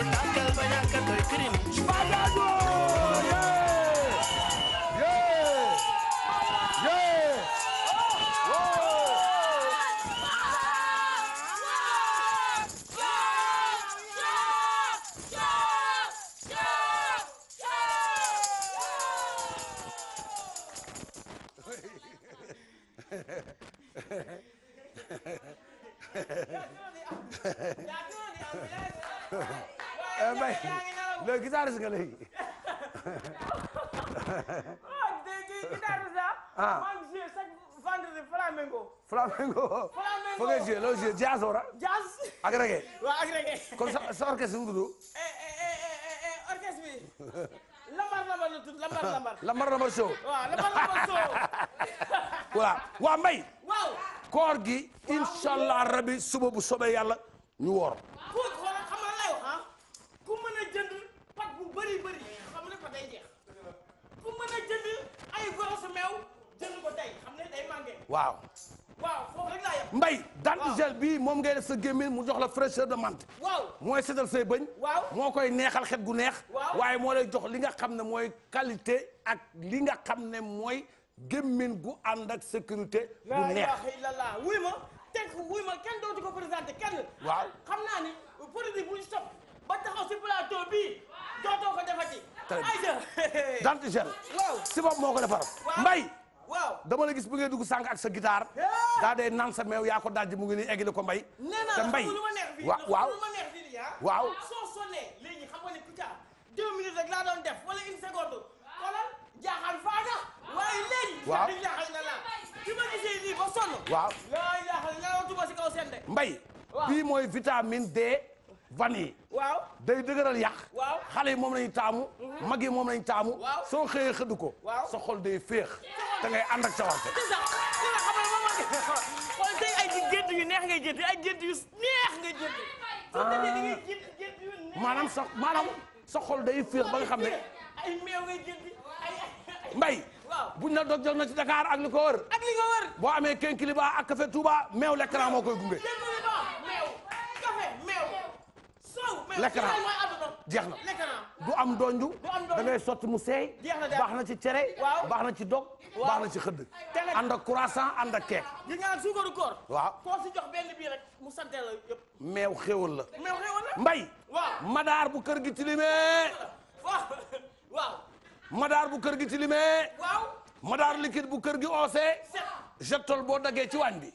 afetat que el ballar que t'ho crim. guitariste nga léegi. ah léegi guitariste ah. maa ngi joué chaque vendredi flamengo. kon sa sa orchestre mu tudd. lambar lambar la waa Mbaye. koor gi. incha allah rabi suba bu soobee yàlla ñu bëri bëri xam ne ko mën a jënd ay grosse meew jënd ko tey waaw mbay dante gel bii moom ngay def sa gémmiñ mu jox la fraîcheur de menthe waaw mooy setal say bëñ moo koy neexal xet gu neex waaye moo lay jox li nga xam ne mooy qualité ak li nga xam ne mooy gémmiñ gu ànd ak sécurité bu neex de gel. waaw si bopp moo ko defar. mbay. dama la gis bu ngeen dugg sànq ak sa guitare. daa dee naan sa meew yaa ko daal ji mu ngi nii egg ko mbay. waaw ah. waaw waaw. Ah, soo sonnee léegi deux minutes rek laa def wala une seconde waaw de. mbay. waaw bii mooy vitamine D. van yi. waaw day dëgëral yàq. waaw xale yi moom lañu taamu. Mhm. mag yi moom lañu taamu. waaw soo xëyee xëdd ko. waaw sa xol day féex. te ngay ànd ak cawarte. c'est ça li yu neex ngay gént ay gént yu neex ngay gént. soo maanaam sa maanaam sa xol day féex ba xam ne. mbay. buñ na dog jox na ci dakaar ak li ko wër. boo amee kénkiliba ak café Touba meew lekk koy gunge. lekkana jeex na du am donju da ngay sotti mu seey baax na ci cere baax na ci dog baax na ci xëdd ànd ak croissant ànd ak keek gis nga suukaru koor waaw koo si jox benn bii rek mu sante la yëpp meew xéwal la meew xéwal la mbay waaw madaar bu kër gi tilimee waaw madaar bu kër gi tilimee waaw madaar liquide bu kër gi oose jettol boo daggee ci waañ bi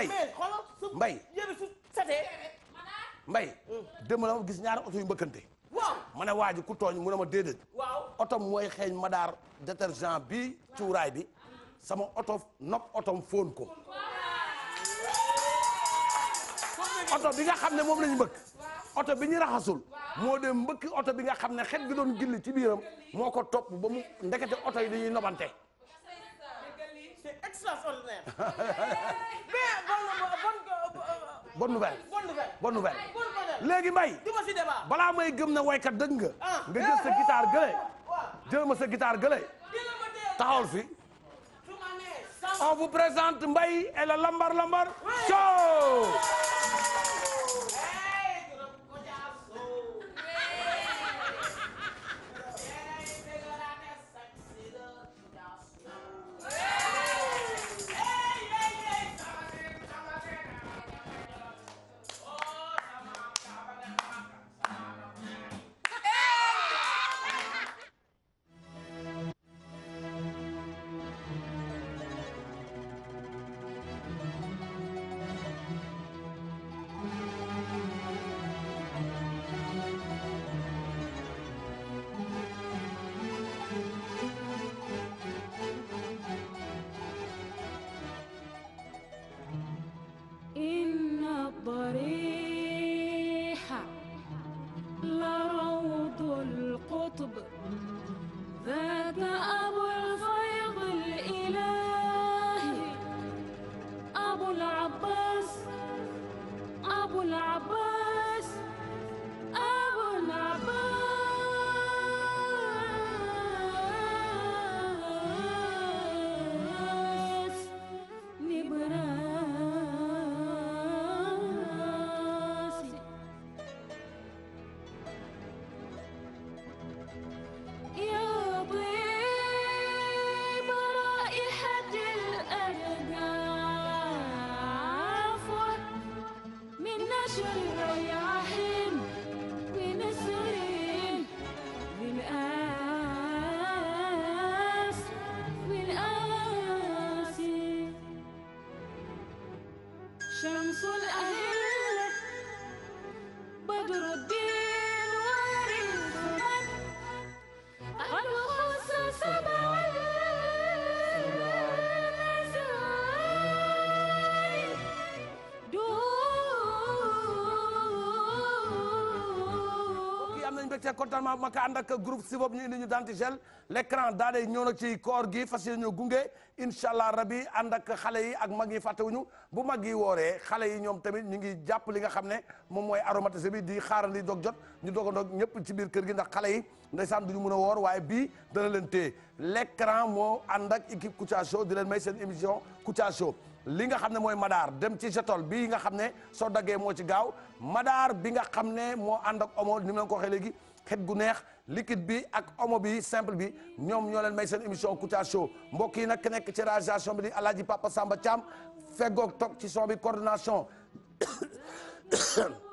mbay mbay mbay démb la ma gis ñaari oto yu mbëkkante ma ne waa ji ku tooñ mu ne ma déedéet otom mooy xeeñ madaar détergent bi cuuraay bi sama oto nopp otom fóon ko oto bi nga xam ne moom lañu mbëkk oto bi ñu raxasul moo dem mbëkk oto bi nga xam ne xet gi doon gilli ci biiram moo ko topp ba mu ndekete oto yi dañuy nobante c'est bonne nouvelle bonne léegi mbay balaa may gëm na waykat dëgg nga ah. nga jël sa guitare gële ah, ah, jël ma sa guitare gële taxawal fi on vous présente Mbaye et le lambar lambar show mbégte contentement bu ma ko ànd ak groupe si boobu ñu indi ñu danti gel l'écran daal di ñëw nag ci koor gi fas yéene gunge incha allah rabi ànd ak xale yi ak mag yi fàttewuñu bu mag yi wooree xale yi ñoom tamit ñu ngi jàpp li nga xam ne moom mooy aromatisé bi di xaarandi dog jot ñu dog ñëpp ci biir kër gi ndax xale yi ndeysaan duñu mën a woor waaye bii dana leen téye l'écran moo ànd ak équipe Kouthia Show di leen may seen émission Kouthia Show li nga xam ne mooy madaar dem ci jetol bii nga xam ne soo daggee moo ci gaaw madaar bi nga xam ne moo ànd ak omo ni mu leen ko waxee léegi xet gu neex liquide bi ak omo bi simple bi ñoom ñoo leen may seen émission Kouthia Show mbokk yi nag ki nekk ci réalisation bi di Alaaji Papa Samba Thiam feggoog toog ci son bi coordination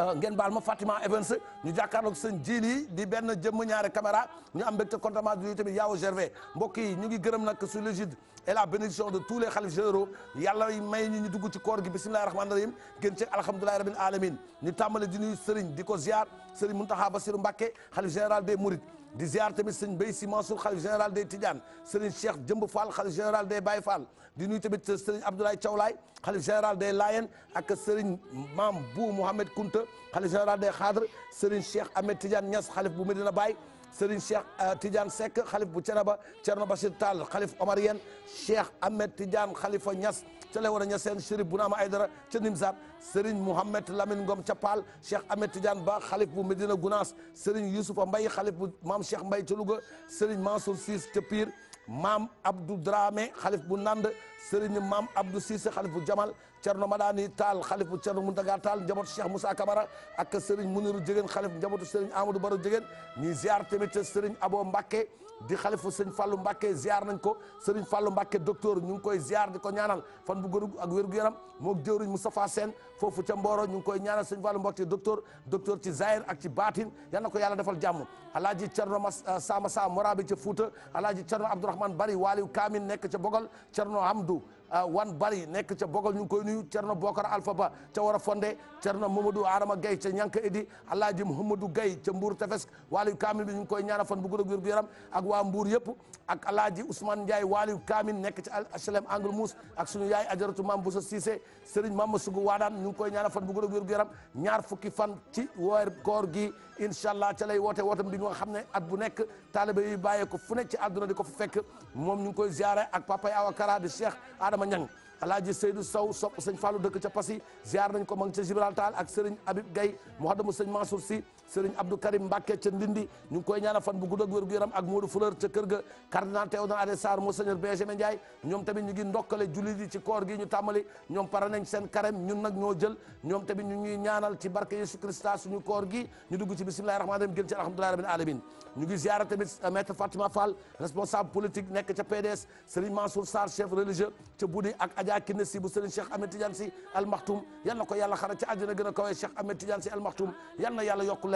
Euh, ngeen baal ma Fatima Evans ñu jàkkaarloog seen jiil yi di benn jëmm ñaari caméra ñu am mbégte contentement du tamit yaaw Gervais mbokk yi ñu ngi gërëm nag sous l'égide et la bénédiction de tous les khalifes généraux yàlla may ñu ñu dugg ci koor gi bismillahi rahmaani rahim gën ci alhamdulillahi rabbil alamin ñu tàmbale di nuyu Serigne di ko ziar Serigne Mountakha Bassirou Mbacké khalif général des Mourides di ziar tamit sëñ Bay Si Mansour xalif général des Tidiane sëriñ Cheikh Jëmb Fall xalif général des Baye Fall di nuyu tamit sëriñ Abdoulaye Thiawlaay xalif général des Layen ak sëriñ maam Bou Mouhamed Kounta xalif général des Khadre sëriñ Cheikh Ahmed Tidiane Niass xalif bu Medina Baye sëriñ Cheikh euh, tijan Seck xalif bu Cenaba Cerno Bachir Tall xalif Omar Yen Cheikh Ahmed Tidiane xalifa Niass ca Léona Niassène Chérif Bounama Aydara ca Nimzat Serigne Mouhamed Lamine Ngom ca Paal Cheikh Ahmed Tidiane Ba xalif bu Medina Gounass Serigne Youssoufa Mbaye xalif bu maam Cheikh mbay ca Louga Serigne Mansour Cisse ca piir maam Abdou Dramé xalif bu Nand Serigne maam Abdou Cissé xalif bu Jamal Cerno Madani Taal xalif bu Cerno Muntaga Taal njabootu Cheikh Moussa Kamara ak Serigne Muniru Jegéen xalif njabootu Serigne Amadou Baro Jegéen ñuy ziar tamit Serigne Abo mbake di xalifu seen Fallou Mbacké ziar nañ ko sëriñ Fallou Mbacké docteur ñu ngi koy ziar di ko ñaanal fan bu gën ak wér gu yaram moog jëwriñ Moustapha Sène foofu ca Mboro ñu ngi koy ñaanal sëñ Fallou Mbacké docteur docteur ci Zahir ak ci baatin yal na ko yàlla defal jàmm alaaji Cerno Mas euh, Sama Sa Morabi ca Fouta alaaji Cerno Abdourahmane Bari Waliou Kamin nekk ca Bogol Cerno Hamdou Ah, wan bari nekk ca bogal ñu ngi koy nuyu Cerno Bokar Alpha Ba ca war a fonde Cerno Mamadou Adama Gaye ca ñanka idi Alaaji Mouhamadou Gaye ca Mbour Tefes waaliyu kaamil bi ñu ngi koy ñaanal fan bu gudd ak wér gu yaram ak waa Mbour yëpp ak Alaaji Ousmane Ndiaye waaliyu kaamil nekk ca HLM Angle Mousse ak suñu yaay ajaratu Mame Bousso Cissé Serigne Mame Sugu Waadaan ñu ngi koy ñaanal fan bu gudd ak wér gu yaram ñaar fukki fan ci weer koor gi incha allah ca lay woote wootam bi nga xam ne at bu nekk taaliba yi bàyyee ko fu nekk ci àdduna di ko fa fekk moom ñu koy ziare ak papa Awa Kara di Cheikh Adama Niang alaaji Seydou Sow sopp sëñ Fallou dëkk ca Passy ziar nañ ko ma ngi ca Gibraltar ak Serigne Habib Gaye mu xaddamu sëñ Mansour Sy Serigne Abdou Karim Mbacke ca Ndindi ñu ngi koy ñaanal fan bu gudd ak wér gu yaram ak Modou ca kër ga cardinal Théodore Adrien Sarr Monseigneur Benjamin Ndiaye ñoom tamit ñu ngi ndokkale jullit yi ci koor gi ñu tàmbali ñoom pare nañ seen carême ñun nag ñoo jël ñoom ñu ñaanal ci barke Yesu Christa suñu koor gi ñu dugg ci bismillahi rahmani rahim gën ci alhamdulillahi alamin ñu ngi ziara tamit euh, maître Fatima Fall responsable politique nekk ca PDS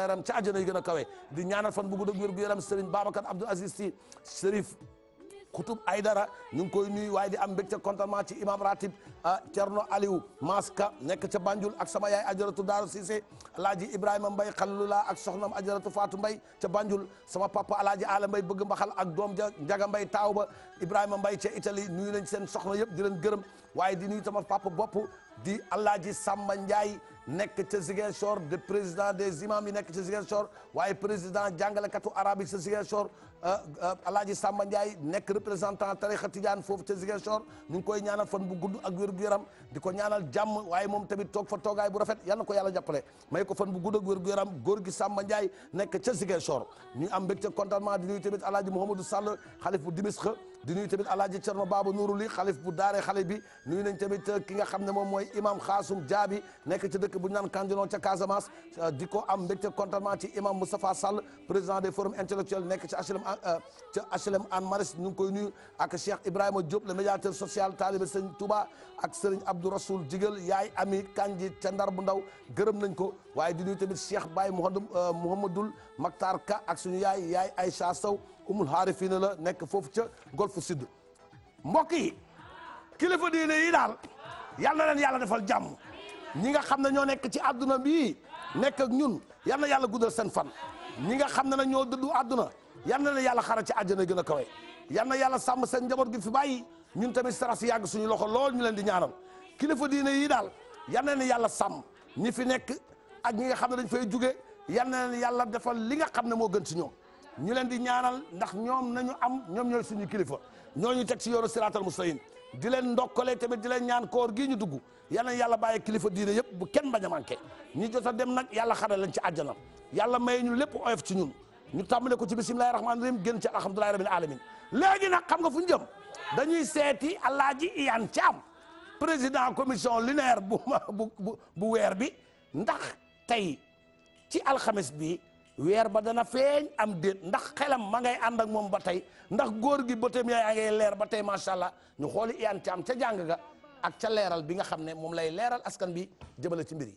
leeram ca àjjana yu gën a kawe di ñaanal fan bu gudd ak wér gu yaram Serigne Babacar Abdoul Aziz Sy Serif Kutub Aydara ñu ngi koy nuyu waaye di am mbégte contentement ci imam ratib ah, Thierno Aliou Maska nekk ca Banjul ak sama yaay ajaratu Daaru Cissé alaaji Ibrahima Mbay Xalula ak soxnam ajaratu Fatou Mbay ca Banjul sama papa alaaji Ala Mbay bëgg mbaxal ak doom ja Mbay taaw ba Ibrahima Mbay ca Italie nuyu nañ seen soxna yëpp di leen gërëm waaye di papa bopp di alaaji nekk ca Ziguinchor de président des imams nekk ca Ziguinchor waaye président jàngalekatu arabe yi ca Ziguinchor euh, euh, Alaaji Samba Ndiaye nekk représentant tarixa Tidiane foofu ca Ziguinchor ñu ngi koy ñaanal fan bu gudd ak wér-gu-yaram di ko ñaanal jàmm waaye moom tamit toog fa toogaay bu rafet yal na ko yàlla jàppale may ko fan bu gudd ak wér-gu-yaram góor gi Samba Ndiaye nekk ca Ziguinchor ñu am mbégte contentement di nuyu tamit Alaaji Mouhamadou Sall xalif bu Dimisqa di nuyu tamit alaaji Cerno Baabu Nuuru li xalif bu daare xale bi nuyu nañ tamit ki nga xam ne moom mooy imam Xaasum Jaabi nekk ci dëkk bu ñu naan Kandilon ca Casamance euh, di ko am mbégte contentement ci imam Moustapha Sall président des forums intellectuels nekk ci HLM euh, ca HLM Anne Maris ñu ngi koy nuyu ak Cheikh Ibrahima Diop le médiateur social taalibe Sëñ Touba ak Sëriñ Abdou Rasoul Jigal yaay ami Kanji ca Ndar bu ndaw gërëm nañ ko waaye di nuyu tamit Cheikh Baye Mouhamadou euh, Mouhamadul Maktar Ka ak suñu yaay yaay Aïcha Sow umul xaarifiina la nekk foofu ca golfe sud mbokk yi kilifa diine yi daal yal na leen yàlla defal jàmm ñi nga xam ne ñoo nekk ci àdduna bii nekk ak ñun yal na yàlla guddal seen fan ñi nga xam ne na ñoo dëddu àdduna yal na leen yàlla xara ci àjjana gën na kawe yal na yàlla sàmm seen njaboot gi fi bàyyi ñun tamit saras yàgg suñu loxo lool ñu leen di ñaanal kilifa diine yii daal yal na leen yàlla sàmm ñi fi nekk ak ñi nga xam ne dañ fay jóge yal na leen yàlla defal li nga xam ne moo gën ci ñoom ñu leen di ñaanal ndax ñoom nañu am ñoom ñooy suñu kilifa ñoo ñu teg si yoonu siraatal mustaqim di leen ndokkale tamit di leen ñaan koor gii ñu dugg yal na yàlla bàyyi kilifa diine yëpp bu kenn bañ a manqué a dem nag yàlla xare leen ci àjjana yàlla may ñu lépp oyof ci ñun ñu tàmbale ko ci bismillahi rahmaani rahim génn ci alhamdulillahi rabbil alamin léegi nag xam nga fu ñu jëm dañuy seeti alaaji Iyane Thiam président commission linéaire bu bu bu weer bi ndax tey ci alxames bi weer ba dana feeñ am déet ndax xelam ma ngay ànd ak moom ba tey ndax góor gi bëtam yaay a ngay leer ba tey macha allah ñu xooli iyaan ca ca jàng ga ak ca leeral bi nga xam ne moom lay leeral askan bi jëmale ci mbir yi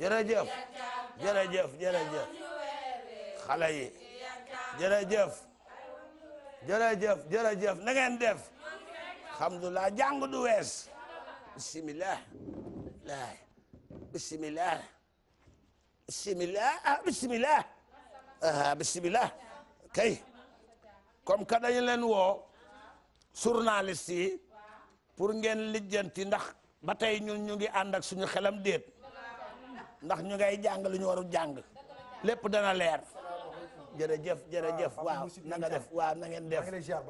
jërëjëf jërëjëf jërëjëf xale yi jërëjëf jërëjëf jërëjëf na ngeen def alhamdulilah jàng du wees bisimilah laay bisimilah bisimilah ah bisimilah ah bisimilah kay comme que dañu leen woo journaliste yi pour ngeen lijjanti ndax ba tey ñun ñu ngi ànd ak suñu xelam déet ndax ñu ngay jàng lu ñu waru jàng lépp dana leer jërëjëf jërëjëf waaw na nga def waaw na ngeen def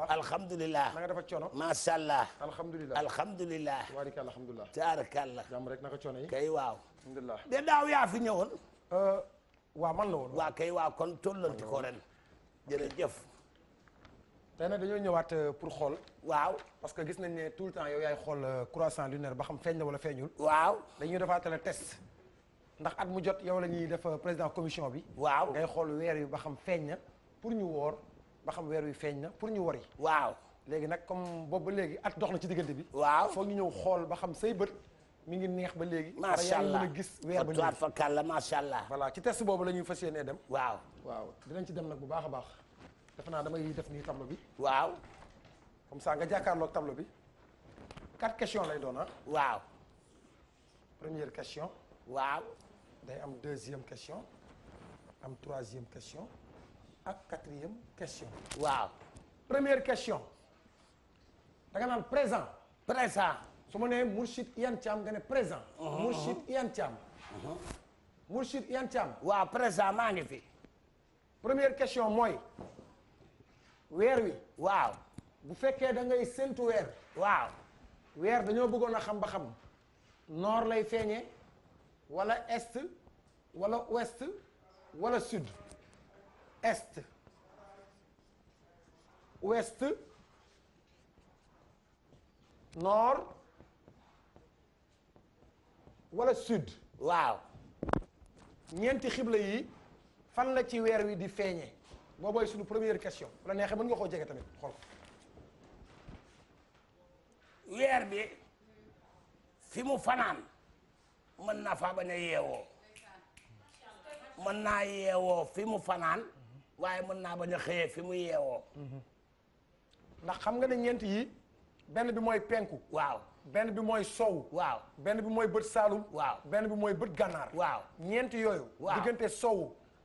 alhamdulilah na nga def ak coono macha allah alhamdulilah alhamdulilah tabaaraka alhamdulilah tabaaraka allah jàmm rek naka coono yi kay waaw alhamdulilah de daaw yaa fi ñëwoon euh, waaw man na woon waaw kay waaw kon tollanti ko ren jërëjëf tey na dañoo ñëwaat euh, pour xool waaw parce que gis nañ ne tout le temps yow yaay xool euh, croissant lunaire ba xam feeñ na wala feeñul waaw defaa defaatale test ndax at mu jot yow la ñuy def euh, président commission bi. waaw ngay xool weer wi ba xam feeñ na pour ñu woor ba xam weer wi feeñ na pour ñu wor wori. waaw léegi nag comme boobu ba léegi at dox na ci diggante bi. waaw foog ñu ñëw xool ba xam say bët mu ngi neex ba léegi. macha allah mën a gis weer ba léegi fa kàlla macha allah. voilà ci test boobu la ñuy fas yéenee dem. waaw waaw dinañ ci dem nag bu baax a baax. defe naa damay def nii tableau bi. waaw. comme ça nga jàkkaarloog bi. quatre questions lay doon ah. waaw. première question. waaw. day am deuxième question am troisième question ak quatrième question. waaw. première question danga nga naan présent. présent su ma nee Mourchid Iyane Thiam nga ne présent. Uh-huh, uh-huh. Mourchid Iyane Thiam. Uh-huh. Mourchid Iyane Thiam. waaw présent maa ngi fi. première question mooy weer wi. waaw bu fekkee da ngay séntu weer. waaw weer dañoo bëggoon a xam ba xam noor lay feeñee. wala est walla ouest walla sud est ouest nord wala sud waaw ñeenti xibla yi fan la ci weer wi di feeñe boobooy suñu première question wala neexee mën nga koo jege tamit xool weer bi fi mu fanaan mën naa faa bañ a yeewoo mën naa yeewoo fi mu fanaan waaye mën naa bañ a xëyee fi mu yeewoo ndax xam nga ne ñeent yi benn bi mooy penku waaw benn bi mooy sow waaw benn bi mooy bët saalum waaw benn bi mooy bët gànnaar waaw ñeenti yooyu waaw diggante sow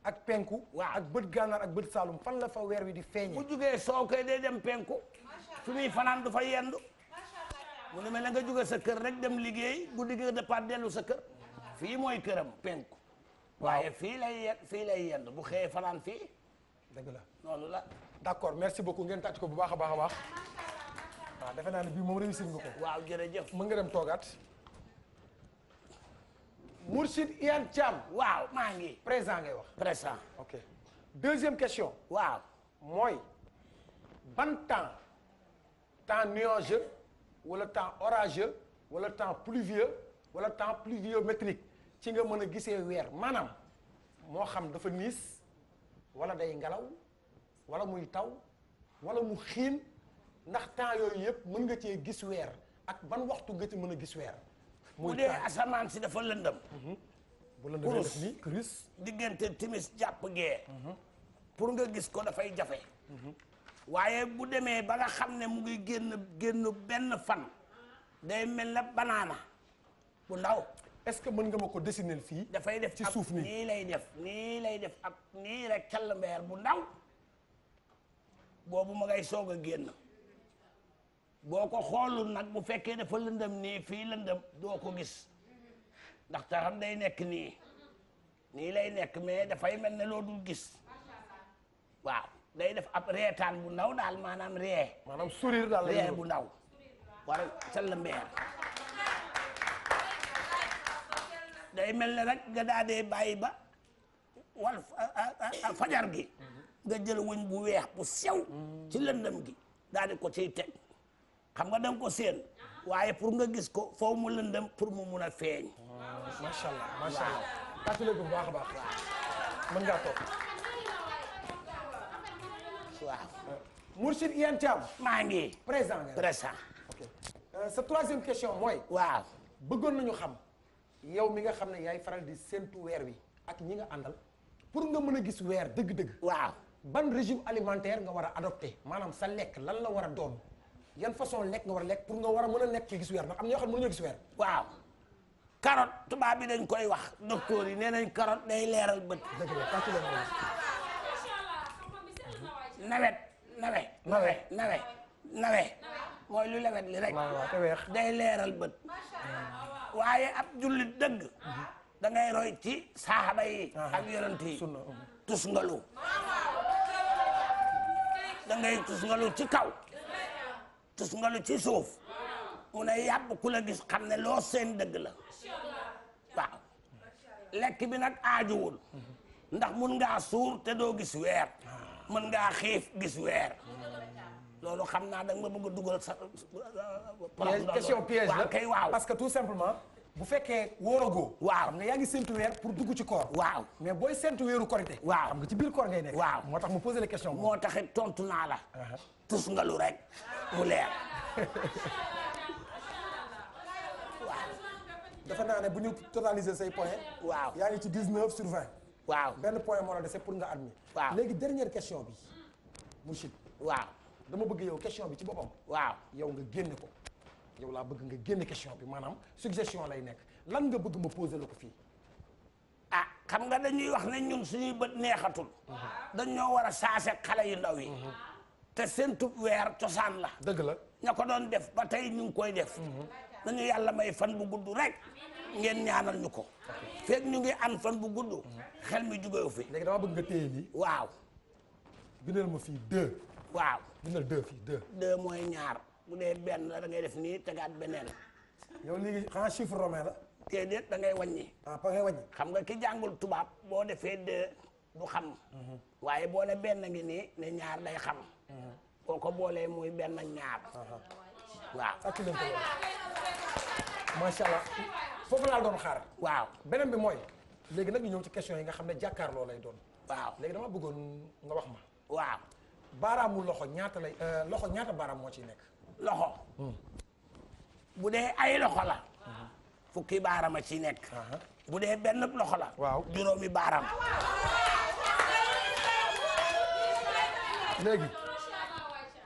ak penku waaw ak bët gànnaar ak bët saalum fan la fa weer wi di feeñee bu jugee sow kay day dem penku fi muy fanaan du fa yendu mu ne mel na nga jóge sa kër rek dem liggéey guddi gi départ dellu sa kër fii mooy këram penku waaye fii lay yen fii lay yend bu xëyee fanaan fii dëgg la noonu la d'accord merci beaucoup ngeen tàcc ko bu baax a baax a baax waaw defe naa ne bii moom réussir nga ko waaw jërëjëf mën nga dem toogaat Mourchid Iyane Thiam waaw maa ngi présent ngay wax présent ok deuxième question waaw mooy ban temps temps nuageux wala temps orageux wala temps pluvieux wala temps pluviométrique ci nga mën a gisee weer maanaam moo xam dafa niis wala day ngelaw wala muy taw wala mu xiin ndax temps yooyu yëpp mën nga cee gis weer ak ban waxtu nga ci mën a gis weer. muy bu dee asamaan si dafa lëndëm. Mhm. bu lëndëmee nii kurus diggante timis jàpp gee. Mhm. pour nga gis ko dafay jafe. Mhm. waaye bu demee ba nga xam ne mu ngi génn génn benn fan day mel na banaana bu ndaw est-ce que mën nga ma ko dessiner fii dafay def ci suuf nii nii lay def nii lay def ab nii rek kell bu ndaw boobu ma ngay soog a génn boo ko xoolul nag bu fekkee dafa lëndëm nii fii lëndëm doo ko gis ndax taxam day nekk nii nii lay nekk mais dafay mel ne loo dul gis waaw day def ab reetaan bu ndaw daal maanaam ree maanaam daal ree bu ndaw wala sell mbeer day mel ne rek nga daa dee bàyyi ba wal fajar gi mhm. nga jël wuñ bu weex bu sew mhm. ci lëndëm gi daal ko ciy teg xam nga danga ko seen waaye pour nga gis ko foo mu lëndëm pour mu mun a feeñ macha allah bu baax a baax Mourchid yan Thiam. maa ngi. présent présent. ok euh, sa troisième question mooy. waaw bëggoon nañu xam yow mi nga xam ne yaay faral di séntu weer wi ak ñi nga àndal pour nga mën a gis weer dëgg-dëgg. waaw ban régime alimentaire nga war a adopté maanaam sa lekk lan la war a doon yan façon lekk nga war a lekk pour nga war a mën a lekk gis weer ndax am na ñoo xam ne mënuñoo gis weer. waaw carotte tubaab bi dañ koy wax docteur yi nee nañ carotte day leeral bët. dëgg la nawet. nawe nawe nawe nawe mooy lu day leeral bët waaye ab jullit dëgg da roy ci saxaba yi ah, ak yonent yi um. tus ngalu da tus ngalu ci kaw tus ngalu ci soof mu ne yàpp ku la gis xam ne loo seen dëgg la waaw bi nag aajuwul ndax mun ngaa te doo gis weer ah. mën ngaa xiif gis weer loolu xam naa da nga ma bëgg a dugal sa. question piège la kay waaw parce que tout simplement. bu fekkee wóoragoo. waaw xam nga yaa ngi séntu weer pour dugg ci koor. waaw mais booy séntu weeru korite. waaw xam nga ci biir kor ngay nekk. waaw moo tax mu posé la question. moo taxit tontu naa la. Uh-huh. tus nga lu rek mu leer. waaw. dafa naa ne bu ñu totaliser say points. waaw yaa ngi ci 19 sur waaw benn point moo la dese pour nga admis. waaw léegi dernière question bi Mourchid. waaw dama bëgg yow question bi ci boppam. waaw yow nga génne ko. yow laa bëgg nga génn question bi maanaam suggestion lay nekk lan nga bëgg ma poser la ko fii. ah xam nga dañuy wax ne ñun suñuy bët neexatul. dañoo war a saase xale yu ndaw yi. Mhm. te seen tub weer cosaan la. dëgg la ña ko doon def ba tey ñu koy def. Mhm. nañu yàlla may fan bu gudd rek. ngeen ñaanal ñu ko. fekk ñu ngi am fan bu gudd. xel mi jubéewu fi. léegi dama bëgg nga téye lii. waaw. bindal ma fii deux. waaw bindal deux fii deux. ñaar bu dee benn da ngay def nii tegaat beneen. yow léegi xanaa chiffre la. da ngay wàññi. ah ba ngay xam nga ki jàngul tubaab boo defee deux du xam. Mhm. waaye boo ne benn ngi nii ne ñaar day xam. Mhm. boo ko boolee muy benn ñaar. waaw. foofu laa doon xaar. waaw beneen bi mooy. léegi nag ñu ñëw ci question yi nga xam ne jàkkaarloo lay doon. waaw léegi dama bëggoon nga wax ma. waaw baaraamu loxo ñaata lay euh, loxo ñaata baaraam moo ciy nekk. loxo. Hmm. bu ay loxo la. fukki baaraam a ciy nekk. Uh-huh. bu benn loxo la. waaw juróomi baaraam. léegi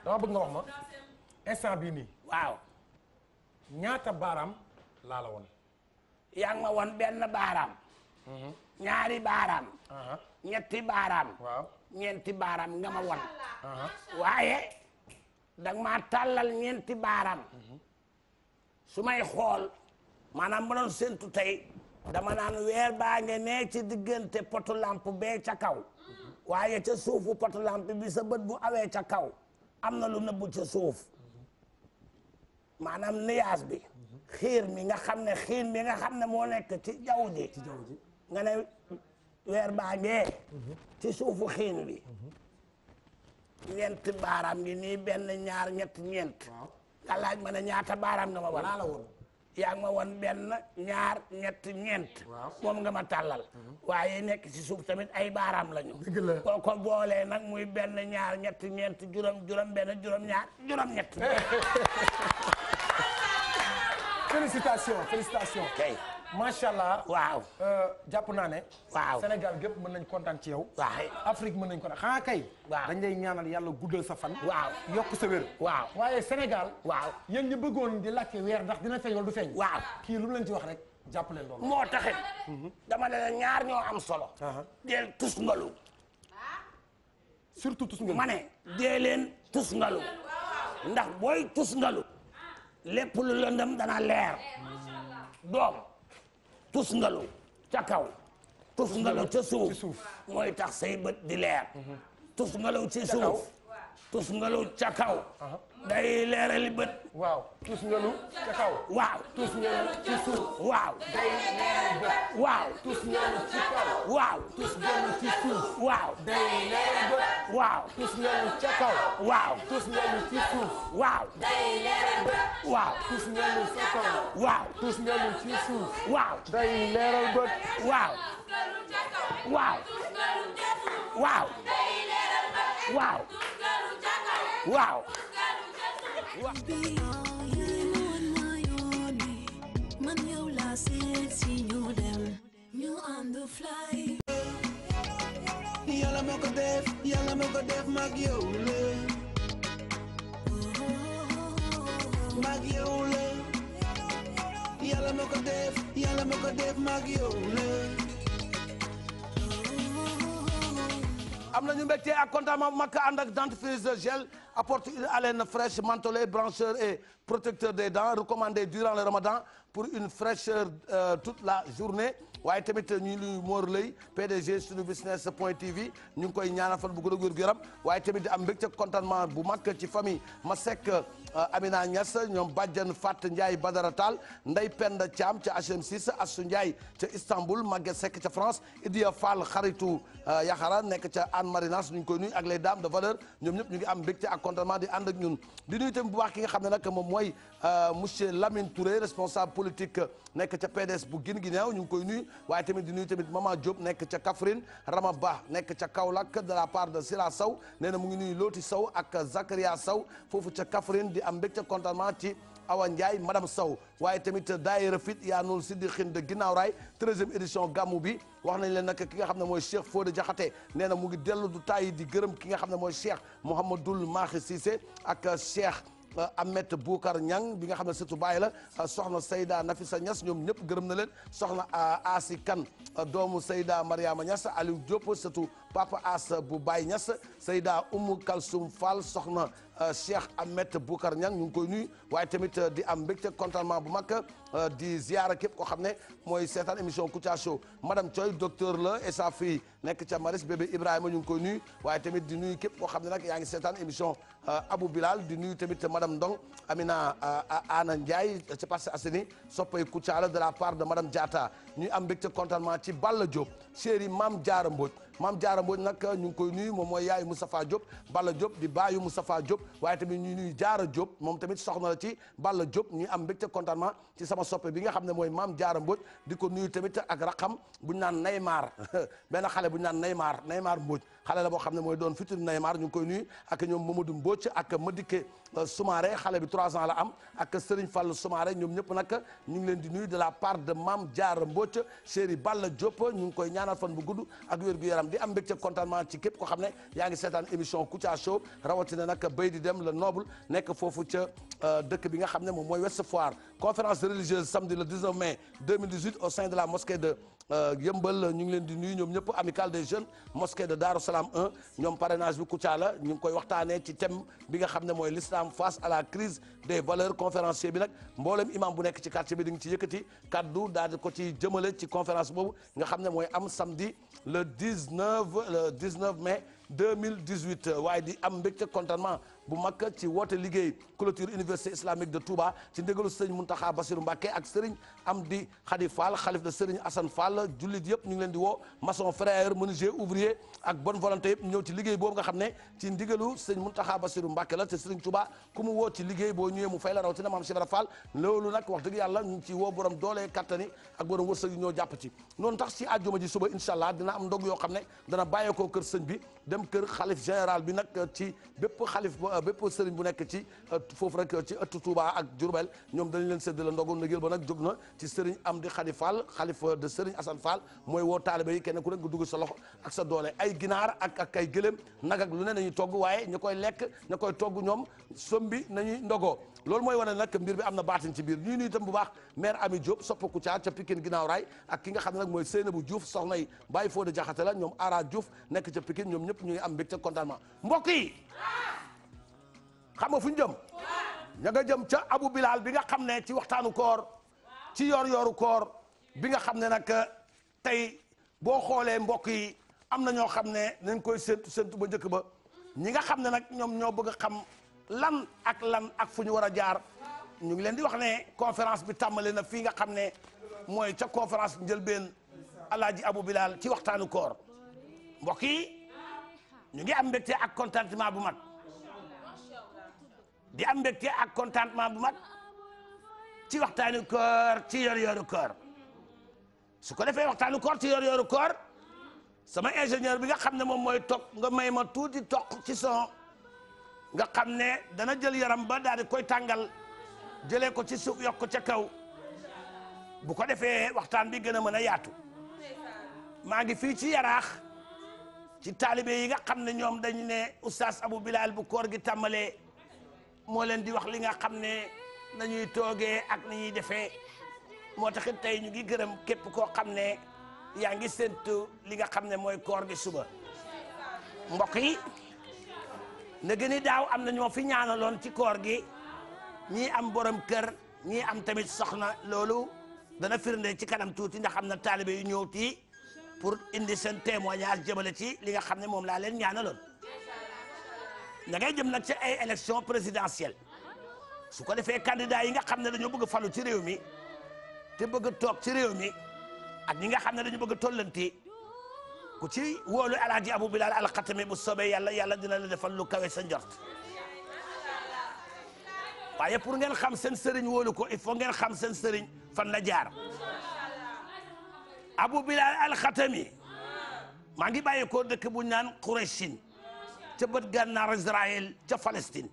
dama bëgg nga wax ma instant bii nii. waaw baaraam laa la woon. yaa ngi ma woon benn baaraam. Mhm. ñaari baaraam. Uh-huh. ñetti baaraam. baaraam nga ma won uh-huh. waaye da ma maa tàllal ñeenti baaraam. Mhm. su may xool maanaam ma doon séntu tey dama naan weer baa nge ne ci diggante potu lamp bee ca kaw. Mhm. waaye ca suufu potu lamp bi sa bët bu awee ca kaw am na lu nëbbu ca suuf maanaam nuage bi. xiir mi nga xam ne xiir mi nga xam ne moo nekk ci jaww ji ci nga ne weer baa ngee ci suufu xiin bi ñeent baaraam ngi nii benn ñaar ñett ñeent nga laaj ma ne ñaata baaraam nga ma wan yaa ma wan benn ñaar ñett ñeent moom nga ma tàllal mhm. waaye nekk ci suuf tamit ay baaraam lañu ko ko boolee nag muy benn ñaar ñett ñeent juróom juróom benn juróom ñaar juróom ñett félicitations félicitations. kay macha allah. waaw euh, jàpp naa ne. waaw Sénégal gépp mën nañ kontaan ci yow. waaw Afrique mën nañ kontaan xanaa kay. waaw dañ lay ñaanal yàlla guddal sa fan. waaw yokk sa wér. waaw waaye Sénégal. waaw yéen ñu bëggoon di lakk weer ndax dina feeñ wala du feeñ. waaw kii lu mu leen ci wax rek. jàpp leen loolu moo taxit. dama ne la ñaar ñoo am solo. Uh-huh. deel tusngalu. surtout tusngalu. ma ne dee leen tusngalu. ndax booy tusngalu. lépp lu lëndëm dana leer doom tus ngalu ca kaw tus ngalaw ca suuf mooy tax say bët di leer mhm. tus ngalaw ci suuf tus ngalaw ca kaw day leerali bët. waaw tuus ngelu ca kaw. waaw tuus ngelu ci day leerali bët. waaw tuus ngelu ci kaw. wax man yow laa seet def mag yow la mag yow la yàlla moo ko def mag yow la am nañu mbégte ak ma mag ànd ak apporte une haleine fraîche, mentholée, blancheur et protecteur des dents recommandé durant le ramadan pour une fraîcheur euh, toute la journée waaye tamit ñu ngi nuyu Mor Lay PDG sunu business point TV ñu ngi koy ñaanal fan bu gën a wér gu yaram waaye tamit di am mbégte contentement bu mag ci famille ma sekk Euh, Amina Niass ñoom Badiane Fatou Ndiaye Badara Tall Ndeye Penda Thiam ca HM6 Assou Ndiaye ca Istanbul Maguette sekk ca France Idia Fall xaritu euh, Yaxara nekk ca Anne Marinas ñu ngi koy nuyu ak les de valeur ñoom ñëpp ñu ngi am mbégte ak contentement di ànd ak ñun di nuyu tamit bu baax ki nga xam ne nag moom mooy euh, monsieur Lamine Touré responsable politique nekk ca PDS bu Guinguinéo ñu ngi koy nuyu waaye tamit di nuyu tamit Maman Diop nekk ca Kaffrine Rama Ba nekk ca Kaolack de la part de Sira nee na mu ngi nuyu Loti Sow ak Zakaria Sow foofu ca Kaffrine di am mbégte contentement ci Awa Ndiaye madame Sow waaye tamit daayira fit yaa nul siddi xiin de ginnaaw raay treizième édition gàmmu bi wax nañ leen nag ki nga xam ne mooy Cheikh Fodé jaxate nee na mu ngi dellu du tàyyi di gërëm ki nga xam ne mooy Cheikh Mouhamadoul Mahi Cissé ak Cheikh euh, Ahmed Boukar Niang bi nga xam ne surtout bàyyi la euh, soxna Seyda Nafisa ñas ñoom ñëpp gërëm na leen soxna euh, Asi Kan doomu Seyda Mariama Niass Aliou Diop surtout Papa As bu Baye Niass Seyda Oumou Kalsoum Fall soxna euh, Cheikh Ahmed Boukar Niang ñu ngi koy nuyu waaye tamit euh, di am mbégte contentement bu mag euh, di ziara képp koo xam ne mooy seetaan émission Kouthia Show madame Thioy docteur la et sa fille nekk ca Maris bébé Ibrahima ñu ngi koy nuyu waaye tamit di nuyu képp koo xam ne nag yaa ngi seetaan émission Abou Bilal di nuyu tamit madame Ndong Amina Ana Ndiaye ca Parcelles Assainies soppay Kouthia la de la part de madame Diatta ñuy am mbégte contentement ci Balla Diop chéri Mame Diarra Mbodj maam jaara Mbodj nag ñu ngi koy nuyu moom mooy yaayu Moustapha Diop Balla Diop di baayu Moustapha Diop waaye tamit ñu nuyu Diarra Diop moom tamit soxna la ci Balla Diop ñu am mbégte contentement ci sama soppe bi nga xam ne mooy maam jaara Mbodj di ko nuyu tamit ak raxam bu ñu naan Neymar benn xale bu ñu naan Neymar Neymar Mbodj xale la boo xam ne mooy doon futur Neymar ñu ngi koy nuyu ak ñoom Mamadou Mbodj ak Madické euh, Soumaré xale bi 3 ans la am ak Serigne Fall Soumaré ñoom ñëpp nag ñu ngi leen di nuyu de la part de Mame jaar Mbodj Chéri Balla Diop ñu ngi koy ñaanal fan bu gudd ak wér gu yaram di am mbégte contentement ci képp ko xam ne yaa ngi seetaan émission Kouthia Show rawatina nag béy di dem le noble nekk foofu ca euh, dëkk bi nga xam ne moom mooy Ouest Foire conférence religieuse samedi la mosquée de Euh, yëmbal ñu ngi leen di nuyu ñoom ñëpp amicale des jeunes mosquée de Darou Salam 1 ñoom parrainage bi Kouthia la ñu ngi koy waxtaanee ci tem bi nga xam ne mooy l'islam face à la crise des valeurs conférencier bi nag mboolem imam bu nekk ci quartier bi di nga ci yëkkati kaddu daal di ko ci jëmale ci conférence boobu nga xam ne mooy am samedi le 19 le 19 mai 2018 euh, waaye di am mbégte contentement bu mag ci woote liggéey clôture université islamique de Touba ci ndégalu sëriñ Mountakha Bassirou Mbacké ak sëriñ Amdi Khadi Fall xalif de sëriñ Assane Fall jullit yëpp ñu ngi leen di woo maçon frère menuisier ouvrier ak bonne volonté yëpp ñëw ci liggéey boobu nga xam ne ci ndigalu sëriñ Mountakha Bassirou Mbacké la te sëriñ Touba ku mu woo ci liggéey boo ñëwee mu fay la rawatina maam Cheikh Ibra Fall nag wax dëgg yàlla ñu ngi ci woo borom doole kattani ak borom wërsëg yi tax ci àjjuma suba incha allah dina am ndog yoo xam ne dana bàyyeekoo kër sëñ bi dem kër xalif général bi nag ci bépp xalif bépp sëriñ bu nekk ci euh, foofu rek ci ëtt Touba ak Diourbel ñoom dañu leen séddale ndogu ndëgeel ba nag jóg na ci sëriñ Amdi Khadi Fall xalif de sëriñ Assane Fall mooy woo taalibe yi kenn ku nekk nga dugg sa loxo ak sa doole ay ginaar ak ak ay gëléem nag ak lu ne nañuy togg waaye ña koy lekk ñu koy togg ñoom sombi nañuy ndogoo loolu mooy wane nag mbir bi am na baatin ci biir ñuy nuyu itam bu baax maire Ami Diop sopp Kouthia ca Pikine ginnaaw raay ak ki nga xam ne nag mooy Seynabou Diouf soxnay Baye Fodé Diakhaté la ñoom Ara Diouf nekk ca Pikine ñoom ñëpp ñu ngi am mbégte contentement mbokk yi xam nga fu jëm ña nga jëm ca Abu Bilal bi nga xam ne ci waxtaanu koor ci yoor yooru koor bi nga xam ne nag euh, tey boo xoolee mbokk yi am na ñoo xam ne nañ koy séntu séntu ba njëkk ba ñi nga xam ne nag ñoom ñoo bëgg a xam lan ak lan ak fu ñu war a jaar ñu ngi leen di wax ne conférence bi tàmbali na fii nga xam ne mooy ca conférence njëlbeen alaaji abou bilal ci waxtaanu koor mbokk yi ñu ngi am mbégte ak contentement bu mag di am mbégte ak contentement bu mag ci waxtaanu koor ci yor yoru koor su ko defee waxtaanu koor ci yor yoru koor sama ingénieur bi nga xam ne moom mooy toog nga may ma tuuti toq ci son nga xam ne dana jël yaram ba daal di koy tàngal jëlee ko ci suuf yokk ca kaw bu ko defee waxtaan bi gën a mën a yaatu maa ngi fii ci yaraax ci taalibe yi nga xam ne ñoom dañu ne oustaz Abou Bilal bu koor gi tàmbalee moo leen di wax li nga xam ne nañuy toogee ak ni ñuy defee moo taxit tey ñu ngi gërëm képp koo xam ne yaa ngi séntu li nga xam ne mooy koor gi suba mbokk yi na daaw am na ñoo fi ñaanaloon ci koor gi ñii am borom kër ñii am tamit soxna loolu dana firnde ci kanam tuuti ndax am na taalibe yu ñëw ti pour indi seen témoignage jëmale ci li nga xam ne moom laa leen ñaanaloon da ngay jëm nag ci ay élection présidentielle su ko defee candidat yi nga xam ne dañoo bëgg falu ci réew mi te bëgg toog ci réew mi ak ñi nga xam ne dañu bëgg tollanti ku ci wóolu alaaji abu bilal alxatami bu sobe yàlla yàlla dina la defal lu kawe sa njort pour ngeen xam seen sëriñ wóolu ko il faut ngeen xam seen sëriñ fan la jaar abu bilal alxatami maa ngi bàyyi ko dëkk bu naan Qurayshin ca bët gànnaar Israël ca Palestine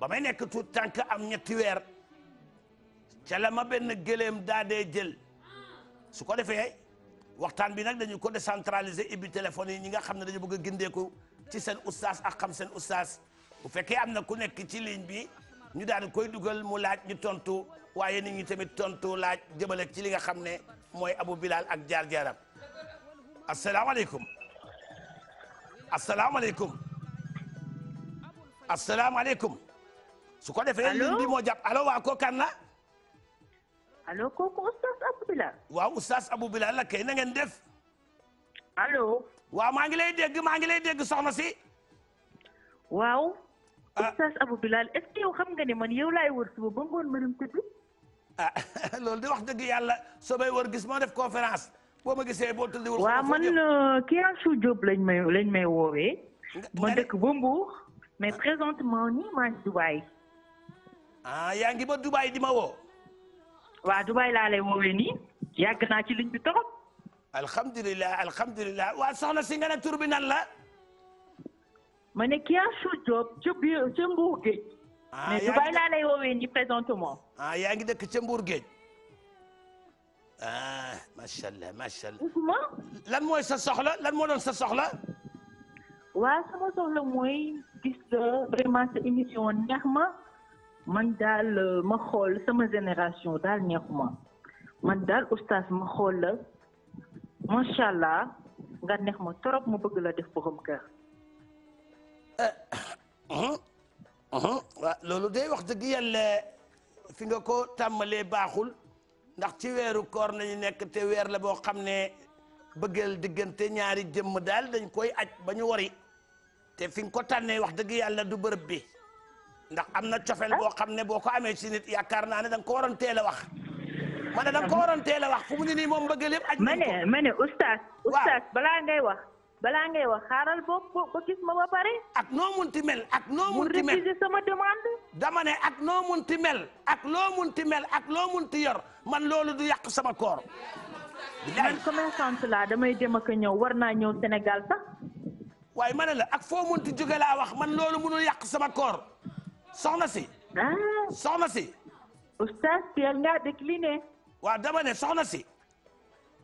ba may nekk tuut tànk am ñetti weer ca la ma benn gëléem daade jël su ko defee waxtaan bi nag dañu ko décentraliser ibbi téléphone yi ñi nga xam ne dañu bëgg a gindeeku ci seen oustaz ak xam seen oustaz bu fekkee am na ku nekk ci ligne bi ñu daan koy dugal mu laaj ñu tontu waaye nit ñi tamit tontu laaj jëmale ci li nga xam ne mooy Abou Bilal ak jaar jaaram asalaamaaleykum asalaamaaleykum asalaamaaleykum su ko defee ligne bi moo jàpp allo waa kooku kan allo kooku oustaz Abou Bilal. waaw oustaz Abou Bilal la kay na def. allo. waaw maa ngi lay dégg maa ngi lay dégg soxna si. waaw. oustaz Abou Bilal yow xam nga ne man yow laay wër suba ba ngoon mënum tëdd. ah de wax dëgg yàlla soo may wër gis moo def conférence boo ma gisee boo tëdd. waaw man Kiyasou Diop lañ may lañ may woowee. ma dëkk ba Mbour. mais présentement nii maa ngi Dubaï. yaa ngi ba Dubaï di ma woo. waa Dubaay laa lay woowee nii yàgg naa ci ligne bi torop. alhamdulilah alhamdulilah waa soxla si na ne tur bi nan la. ma ne Kiasu Diop ca ah, Dubaay laa lay woowee nii ah, yaa ngi dëkk ca Mbour Géej. ah macha allah macha allah. lan mooy sa soxla lan moo sa soxla. waa sama soxla mooy gis vraiment sa émission neex ma. man daal euh, ma xool sama génération daal neexuma man daal oustaz ma xool la macha allah nga neex ma torop ma bëgg la def borom kër. Eh, uh-huh. Uh-huh. waaw loolu day wax dëgg yàlla fi nga ko tàmbalee baaxul ndax ci weeru koor nañu nekk te weer la boo xam ne bëggeel diggante ñaari jëmm daal dañ koy aj ba ñu wari te fi nga ko tànnee wax dëgg yàlla du bërëb bi. ndax am na cofeel ah? boo xam ne boo ko amee ci nit yaakaar naa ne da nga ko waroon teel a wax. ma ne da nga teel a wax fu mu ne nii moom bëgg lépp. aj ma ne ma ne oustaz. balaa ngay wax. balaa ngay wax xaaral boo ko gis ma ba pare. ak noo ti mel ak noo munti mel sama demande. dama ak noo munti mel. ak loo munti mel ak loo munti yor man loolu du yàq sama koor. man da may damay dem ak ñëw war naa ñëw Sénégal sax. waaye ma ne la ak foo munti jóge laa wax man loolu mënul yàq sama koor. soxna si. soxna si. oustaz teel ngaa décliné. waaw waa ne soxna si.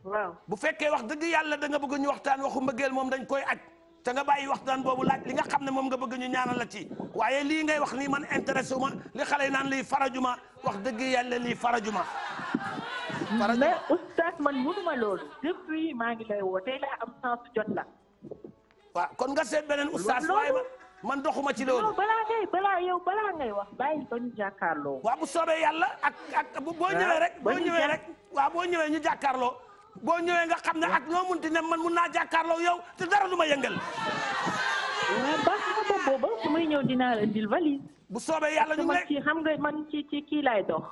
waaw bu fekkee wax dëgg yàlla da nga bëgg ñu waxtaan waxu mbëggeel moom dañ koy aj te nga bàyyi waxtaan boobu laaj li nga xam ne moom nga bëgg ñu ñaanal la ci waaye lii ngay wax nii man intéressé wu ma li xale yi naan lii ma wax dëgg yàlla lii farajuma. farajuma mais oustaz man mënuma loolu depuis maa ngi lay woo tey laa am chance jot la. waaw kon nga seet beneen oustaz waaye man doxuma ci loolu. non balaa ngay balaa yow balaa ngay wax bàyyi ba ñu jàkkaarloo. waaw bu soobee yàlla ak ak boo ah, ñëwee rek. boo ñëwee rek waaw boo ñëwee ñu jàkkaarloo. boo ñëwee nga xam ne ak noo munti ne man mun naa jàkkaarloo yow te dara du ma yëngal. mais baax na ko booba su may ñëw dinaa la indil valise. bu soobee yàlla ñu ne xam nga man ci ci kii laay dox.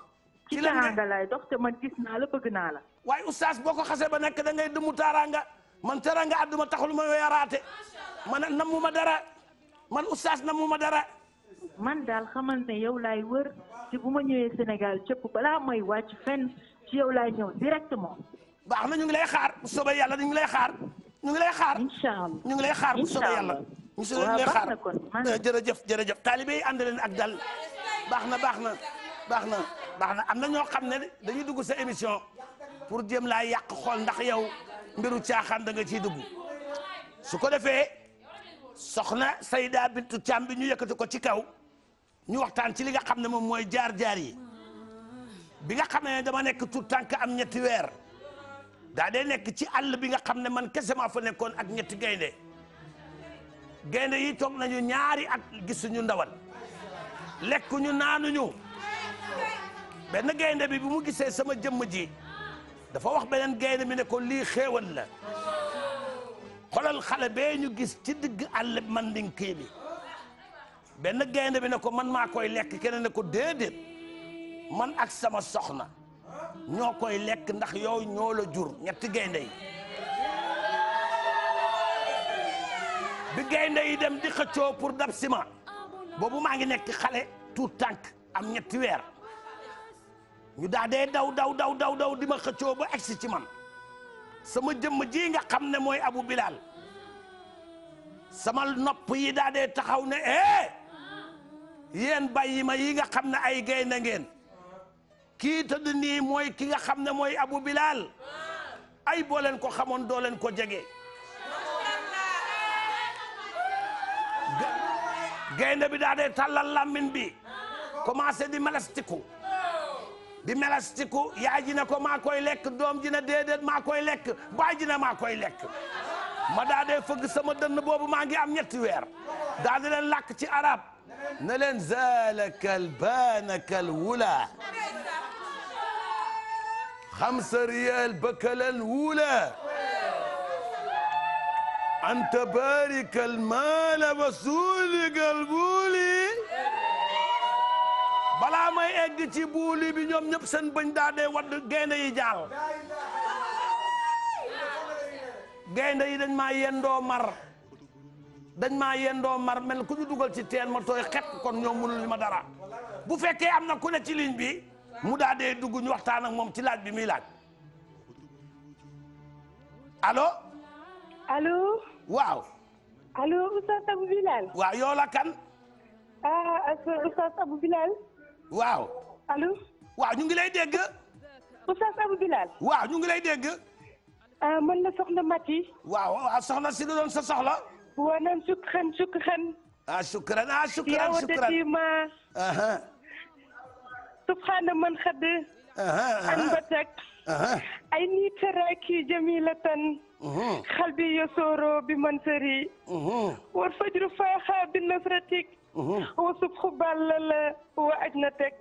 ci teraanga laay dox te man gis naa la bëgg naa la. waaye oustaz boo ko xasee ba nekk da ngay dëmmu taaraanga man teraanga àdduma taxul ma weeraate man nammuma dara. man oustaz na mu ma dara. man daal xamal ne yow laay wër ci bu ma ñëwee Sénégal cëpp balaa may wàcc fenn ci yow laay ñëw directement. baax na ñu ngi lay xaar bu soobee yàlla ñu ngi lay xaar. ñu ngi lay xaar ñu ngi lay xaar bu soobee yàlla. incha allah waaw eh, jërëjëf jërëjëf. taalibe yi ànd leen ak dal baax na baax na baax na baax na am na ñoo xam ne dañuy dugg sa émission pour jéem laa yàq xool ndax yow mbiru caaxaan danga ci ciy dugg su ko defee soxna Sayda Bintu Thiam bi ñu yëkkati ko ci kaw ñu waxtaan ci li nga xam ne moom mooy jaar-jaar yi bi nga xam ne dama nekk tout tànk am ñetti weer daa nekk ci àll bi nga xam ne man kese maa fa nekkoon ak ñetti gaynde gaynde yi toog nañu ñaari at gisuñu ndawal lekk ñu lekkuñu naanuñu benn gaynde bi bu mu gisee sama jëmm ji dafa wax beneen gaynde mi nekkoon lii xéewal la xolal xale bee ñu gis ci digg àll man ndinkii bi benn gaynde bi ne ko man maa koy lekk keneen ne ko déedéet man ak sama soxna ñoo koy lekk ndax yow ñoo la jur ñetti gaynde yi bi gaynde yi dem di xëccoo pour dab sima boobu maa ngi nekk xale tuut tànk am ñetti weer ñu daa dee daw daw daw daw daw di ma xëccoo ba egsi ci man sama jëmm ji nga xam ne mooy abu bilaal sama nopp yi daa taxaw ne eh yéen bàyyi ma yi nga xam ne ay gay ngeen kii tëdd nii mooy ki nga xam ne mooy abu bilal ay boolen leen ko xamoon doo leen ko jege gaynde bi daa dee tàllal làmmiñ bi commencé di malastiku di melastiku yaay ji ne ko maa koy lekk doom ji ne déedéet maa koy lekk baay ji ne maa koy lekk ma daa dee fëgg sama dënn boobu maa ngi am ñetti weer daa di leen làkk ci arab ne leen zalakal baanakal wula xamsa riyal bakalal wula anta barikal maala ba suulikal buuli balaa may egg ci buuli bi ñoom ñëpp seen bëñ daa dee wadd gaynde yi jaal gaynde yi dañ maa yendoo mar dañ maa yendoo mar mel ku ñu dugal ci teen ma tooy xet kon ñoom mënul ma dara bu fekkee am na ku ne ci ligne bi mu daa dee dugg ñu waxtaan ak moom ci laaj bi muy laaj allo allo waaw allo Oustaz Abou Bilal waaw yow la kan ah Oustaz Abou waaw. allo. waaw ñu ngi lay dégg. Oustaz Bilal. waaw ñu ngi lay dégg. ah man Mati. waaw waaw soxna si la doon soxla. wa naan sukran sukran. ah sukran ah sukran sukran yow de subhana man xad. an batak. ay nii bi man sari. war fajru faaxa bi nasratik وصبح بالله وأجنتك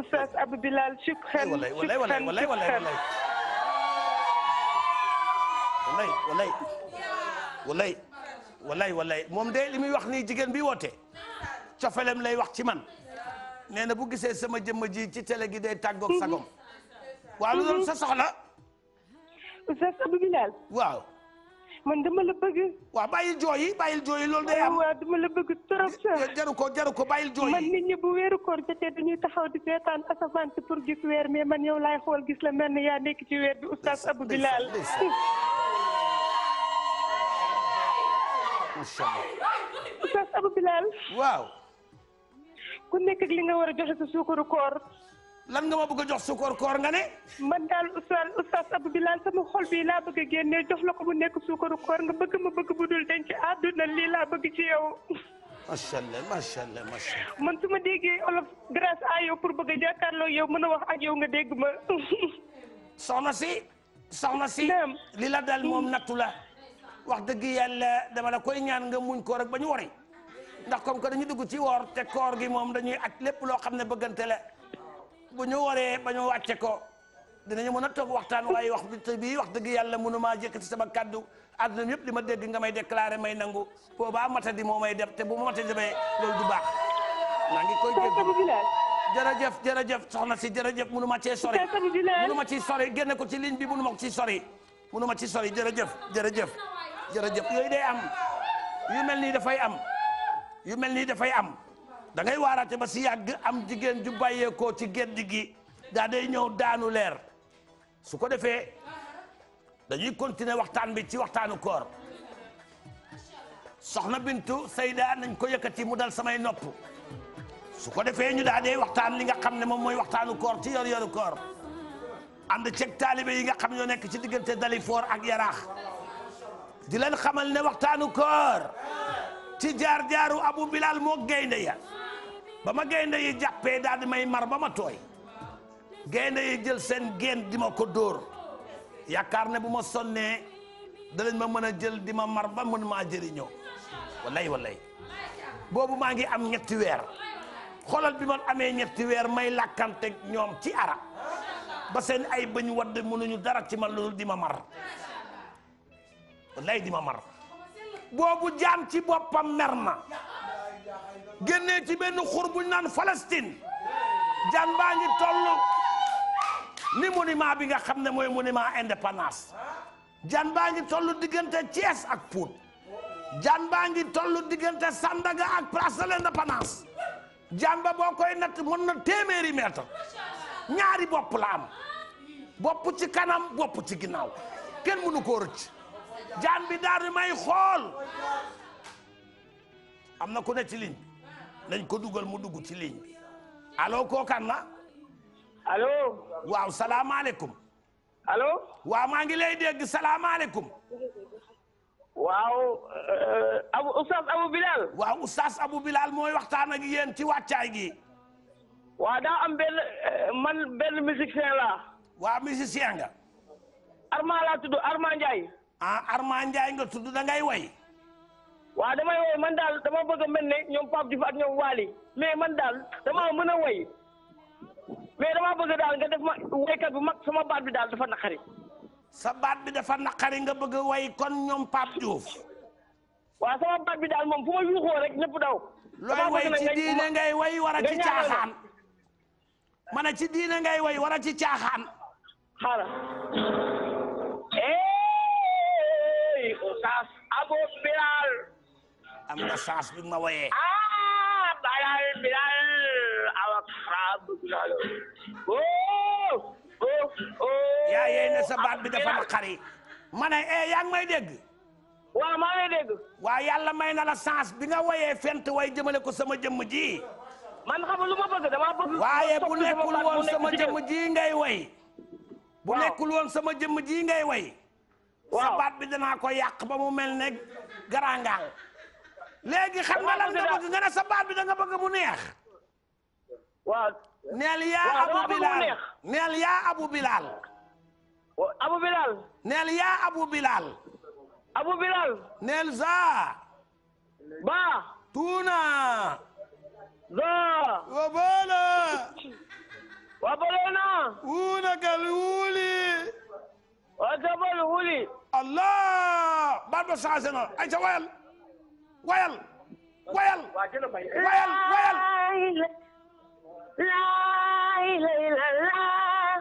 أستاذ أبو بلال شكرا والله والله والله والله والله والله والله والله walay walay moom de li muy wax nii jigéen bi woote cofelem lay wax ci man nee na bu gisee sama jëmm ji ci télé gi day tàggoog sagom mm-hmm. waaw loolu sa mm-hmm. soxla. Oustaz Abou Bilal waaw. man dama la waa waaw bàyyil jooy yi bàyyil jooy yi loolu day am waaw dama la bëgg sax. jaru ko jaru ko bàyyil jooy yi man nit ñi bu weeru koor jotee dañuy taxaw di seetaan asamaan si pour gis weer mais man yow xool gis la mel ni yaa nekk ci weer bi oustaz Abou Bilal. macha allah oustaz Abou Bilal. waaw. ku nekk li nga war a joxe sa suukaru koor. lan nga ma bëgg jox suukar koor nga ne. man daal oustaz oustaz Abou Bilal sama xol bi laa bëgg a génnee jox la ko mu nekk suukaru koor nga bëgg ma bëgg bu dul denc àdduna lii laa bëgg ci yow. macha allah macha allah macha man su ma déggee olof grâce à yow pour bëgg a jàkkaarloo yow mën a wax ak yow nga dégg ma. soxna si. soxna si li la dal moom nattu la. wax dëgg yàlla dama la koy ñaan nga muñ ko rek ba ñu wari. ndax comme que dañu dugg ci woor te koor gi moom dañuy aj lépp loo xam ne bëggante la. bu ñu waree ba ñu wàcce ko dinañu mën a toog waxtaan waaye wax te bii wax dëgg yàlla mënumaa jëkkati sama kaddu àdduna yëpp li ma dégg nga may déclaré may nangu boobaa matadi moo may def te bu ma matadi may loolu du baax maa ngi koy jéggi jërëjëf jërëjëf soxna si jërëjëf mënu ma cee sori mënu ma ci sori génne ko ci ligne bi mënu ma ko ci sori mënu ma ci sori jërëjëf jërëjëf jërëjëf yooyu day am yu mel nii dafay am yu mel nii dafay am da ngay waaraate ba si yàgg am jigéen ju bàyyeekoo ci gédd gi daa day ñëw daanu leer su ko defee dañuy continuer waxtaan bi ci waxtaanu koor soxna Bintu Seyda nañ ko yëkkati mu dal samay nopp su ko defee ñu daa dee waxtaan li nga xam ne moom mooy waxtaanu koor ci yor yoru koor ànd ceeg taalibe yi nga xam ñoo nekk ci diggante Dalifor ak Yaraax di leen xamal ne waxtaanu koor ci jaar jaaru Abu bilaal moo gaynde ya ba ma gaynde yi jàppee daal di may mar ba ma tooy gaynde yi jël seen geen di ma ko dóor yaakaar ne bu ma sonnee danañ ma mën a jël di ma mar ba mën maa jëriñoo walay walay boobu maa ngi am ñetti weer xoolal bi ma amee ñetti weer may làkkante ñoom ci ara ba seen ay bañ wadd mënuñu dara ci man loolu di ma mar walay di ma mar boobu jaam ci boppam mer ma génnee ci benn xur naan Palestine jaan baa ngi toll ni monument bi nga xam ne mooy monument indépendance jaan baa ngi toll diggante Thiès ak Pout jaan baa ngi toll diggante Sandaga ak place de l'indépendance jaan ba boo koy natt mën na téeméeri mètre ñaari bopp la am bopp ci kanam bopp ci ginnaaw kenn mënu koo rëcc jaan bi daal may xool am na ku ne ci ligne lañ ko dugal mu dugg ci ligne bi allo kookan la allo waaw salaamaaleykum allo waaw maa ngi lay dégg salaamaaleykum waaw eh, abu oustaz abu bilal waaw oustaz abu bilal mooy waxtaan ak yéen ci wàccaay gi waaw daa am benn eh, musicien la waaw musicien nga Arma tudd Arma Ndiaye ah nga tudd da way waaw damay woy man daal dama bëgg mel ne ñoom Pape Diouf ak ñoom Waly mais man daal dama mën a woy mais dama bëgg daal nga def ma woykat bu mag sama baat bi daal dafa naqari. sa baat bi dafa naqari nga bëgg a woy kon ñom Pape Diouf. waaw sama baat bi daal moom fu ma yuuxoo rek ñëpp daw. looy woy ci diine ngay way war a ci caaxaan. ma ci diine ngay woy war a ci caaxaan. xaaral. eh. am nga chance bi ma wooyee. ah Bilal oh, oh, oh. ne sa baat bi dafa ma xari ma ne eh may dégg. waaw maa dégg. waaw yàlla may na la chance bi nga wooyee fent way jëmale ko sama jëmm ji. man xam lu ma bëgg dama bëgg. waaye bu nekkul woon sama jëmm ji ngay way. bu nekkul woon sama jëmm ji ngay way. waaw sa baat bi danaa ko yàq ba mu mel ne garangaal. léegi xam nga lan nga bëgg nga neex. neel yaa abu bilal neel yaa abu bilal. ba. tuuna. zaa. wa boole. wa boole naa. wuuna kal wuuli. wa tabal wuuli. allah. baat ba changé na ay ca wayal wayal wayal wayal laa ilaaha illallaah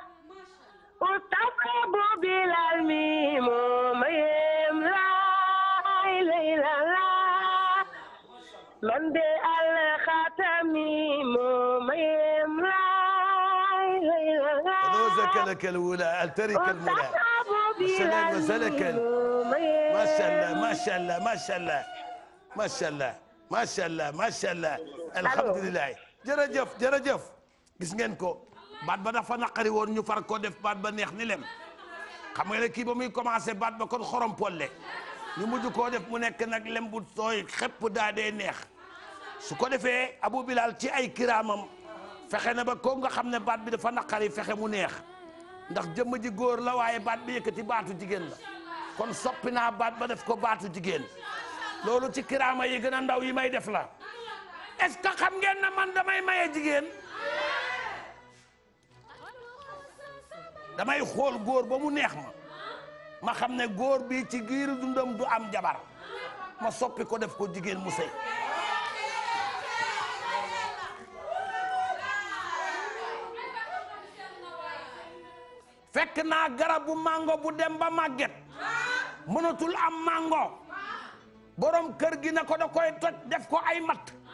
utaqabu bilal mi mooma yem laa ilaaha illallaah man de al xatami mooma yem laa ilaaha illallaah تزكى لك الولاء الترك الملاء سلام وسلك ما شاء الله ما شاء الله ما شاء الله macha allah macha allah macha allah alhamdulilah jërëjëf jërëjëf gis ngeen ko baat ba dafa naqari woon ñu far koo def baat ba neex ni lem xam nga ne kii ba muy commencé baat ba kon xorom polle ñu mujj koo def mu nekk nag lem bu sooy xëpp daa dee neex su ko defee Abu Bilal ci ay kiraamam fexe na ba ko nga xam ne baat bi dafa naqari fexe mu neex ndax jëmm ji góor la waaye baat bi yëkkati baatu jigéen la kon soppi naa baat ba def ko baatu jigéen loolu ci kiraama yi gën a ndaw yi may def la est-ce que xam ngeen na man damay maye jigéen damay xool góor ba mu neex ma ma xam ne góor bi ci giiru dundam du am jabar ma soppi ko def ko jigéen mu sëy fekk naa garab bu mango bu dem ba màgget mënatul am mango borom kër gi na ko da koy toj def ko ay mat ah.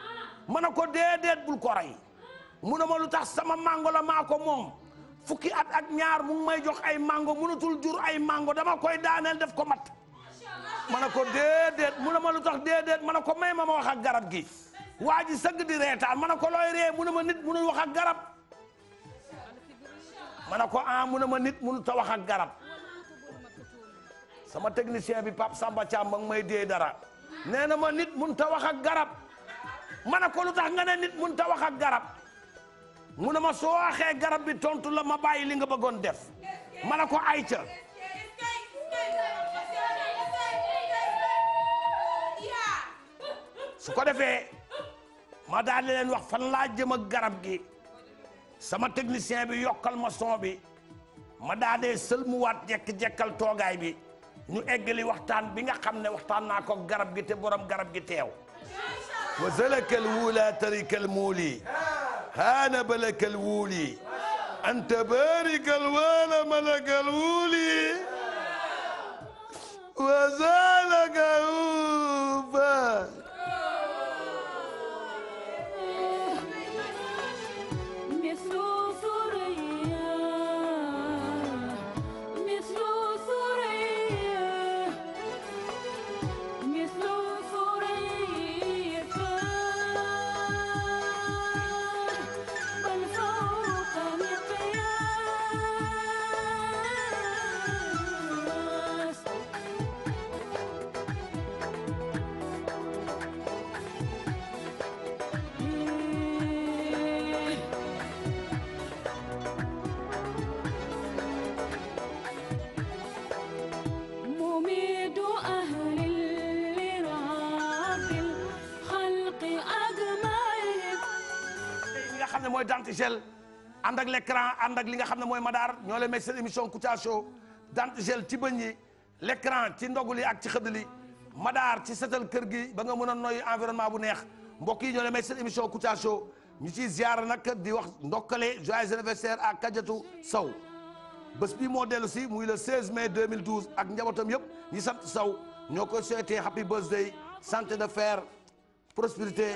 ma ne ko déedéet bul ko rey ah. mu na ma lu tax sama mango la maa ko moom fukki at ak ñaar mu may jox ay mango mënatul jur ay mango dama koy daaneel def ko matt ma ne ko déedéet mu na ma lu tax déedéet ma ne ko may ma ma wax ak garab gi waa ji sëgg di reetaan ma ne ko looy ree mu na ma nit mu mënul wax ak garab ma ne ko ah mu ne ma nit mënut a wax ak garab ah, sama technicien bi Pape Samba Thiam ma ngi may dee dara nee na ma nit mun ta wax ak garab ma ne ko lu tax nga ne nit mun ta wax ak garab mu ne ma soo waxee garab bi tontu la ma bàyyi li nga bëggoon def ma ne ko ay ayca su ko defee ma daal di leen wax fan laa jëm ak garab gi sama technicien bi yokkal ma son bi ma daal dee sëlmuwaat jekk-jekkal toogaay bi ñu eggali waxtaan bi nga xam ne waxtaan naa ko garab gi te borom garab gi teew wa zalakal wuula tarikal muuli haana balakal wuuli anta barikal waala malakal wuuli wa zalaka ba mooy dentigel ànd ak l'écran ànd ak li nga xam ne mooy madaar ñoo leen may seen émission Kouthia Show dentigel ci bëñ yi l'écran ci ndogu li ak ci xëdd li madaar ci setal kër gi ba nga mën a noy environnement bu neex mbokk yi ñoo leen may seen émission Kouthia Show ñu ciy ziar di wax ndokkale joyeux anniversaire à Kadiatou Sow bés bi moo dellu si muy le 16 mai 2012 ak njabootam yëpp ñi sant Sow ñoo koy souhaité happy birthday santé de fer prospérité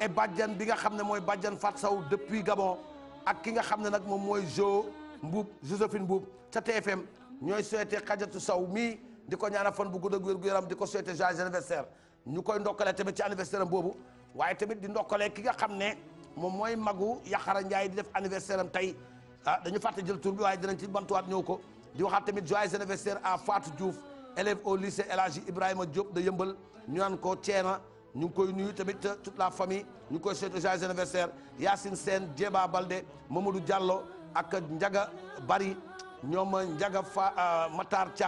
et bàjjan bi nga xam ne mooy bàjjan Fat Sow depuis Gabon ak ki nga xam ne nag moom mooy Jo Mbuub Josephine Mbuub ca TFM ñooy souhaité Xajatu saw mii di ko ñaanal fan bu gudd ak wér yaram di ko souhaité joyeux anniversaire ñu koy ndokkale tamit ci anniversaire am boobu waaye tamit di ndokkale ki nga xam ne moom mooy magu Yaxara Njaay di def anniversaire am tey ah dañu fàtte jël tur bi waaye dinañ ci bantuwaat ñëw ko di waxaat tamit joyeux anniversaire à Fatou Diouf élève au lycée El Hadji Ibrahima Diop da Yëmbal ñu naan ko Ceena ñu koy nuyu tamit toute la famille ñu ngi koy souhaité joyeux anniversaire Yacine Sène Djeba Balde Mamadou Diallo ak Ndiaga Bari ñoom Ndiaga Fa euh, Matar faati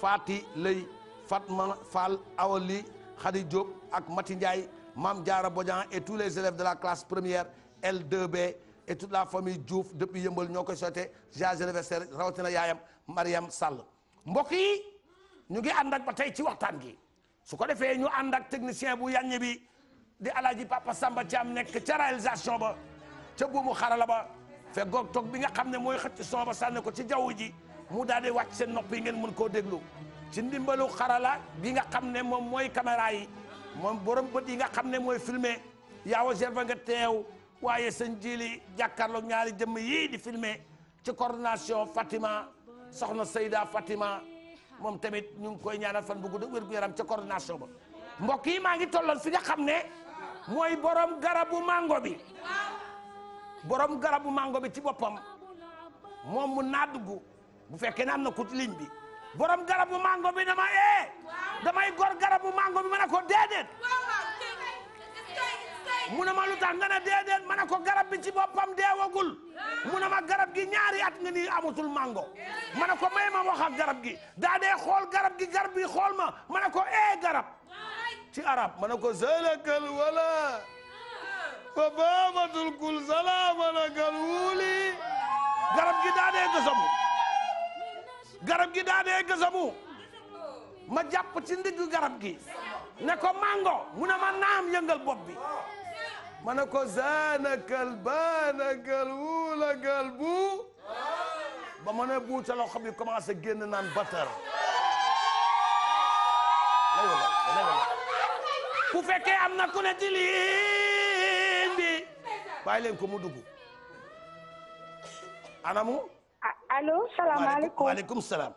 Fati Lay Fatma Fall Awali Khady Diop ak Mati Ndiaye maam Diarra Bodian et tous les élèves de la classe première L2B et toute la famille Diouf depuis yëmbal ñoo koy souhaité joyeux anniversaire rawatina yaayam Mariam Sall mbokk yi ñu ngi ànd ak ba tey ci waxtaan gi. su ko defee ñu ànd technicien bu yàññ bi di alaaji papa samba Thiam nekk ca réalisation ba ca buumu xarala ba feggoog toog bi nga xam ne mooy xëcc son ba sànni ko ci jaww ji mu daal di wàcc seen nopp yi ngeen mën koo déglu ci ndimbalu xarala bi nga xam ne moom mooy caméra yi moom borom bët yi nga xam ne mooy filmé yaaw a gerva nga teew waaye sëñ jili jàkkaarloog ñaari jëmm yi di filmé ci coordination Fatima soxna Seyda Fatima moom tamit ñu ngi koy ñaanal fan bu gudd wér gu yaram ca coordination ba mbokk yi maa ngi tolloon fi nga xam ne mooy borom garabu mango bi borom garabu mango bi ci boppam moom mu naa dugg bu fekkee ne am na ku ci ligne bi borom garabu mango bi dama eh damay gor garabu mango bi ma ne ko déedéet. mu ne ma lu nga ne déedéet ma ne ko garab bi ci boppam deewagul mu ne ma garab gi ñaari at nga nii amatul mango ma ne ko may ma wax ak garab gi daa dee xool garab gi garab gi xool ma ma ne ko ee eh, garab ci arab ma ne ko salakal wala fa baamatul kul salaamalakal wuuli garab gi daa dee gësamu garab gi daa dee gësamu ma jàpp ci ndigg garab gi ne ko mango mu ne ma naam yëngal bopp bi ma ne ko zaanakal baanakal wuulakal buu ba ma ne buu ca la xob yi commencé génn naan batar ku fekkee am na ku ne ci ligne bi bàyyi leen ko mu dugg salaam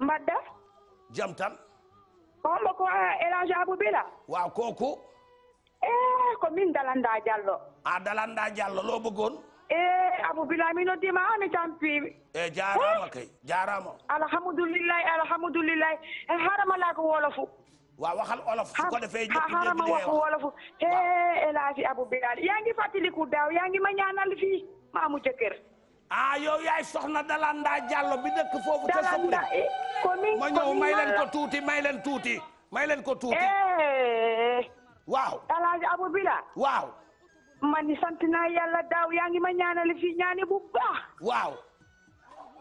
mbadda jam tan omba ko eh, El eh ko min dalanda diallo a dalanda diallo lo bëggoon e eh, abou bila mi noddima an mi tampimi e eh, jarama eh, kay jarama alhamdoulillahi alhamdoulillahi e harama lako wolofu wa waxal olof su ko defee ñëpp harama wax wolofu e elaaji abou bilal yaa ngi fàttaliku daaw yaa ngi ma ñaanal fii maamu jëkkër ah yow yaay soxna dalanda diallo bi dëkk foofu dalanda ko min ma ñëw may leen ko tuuti may leen tuuti may leen ko tuuti waaw alaaji abu bila waaw man ni sant naa yàlla daaw yaa ngi ma ñaanale fii ñaani bu baax waaw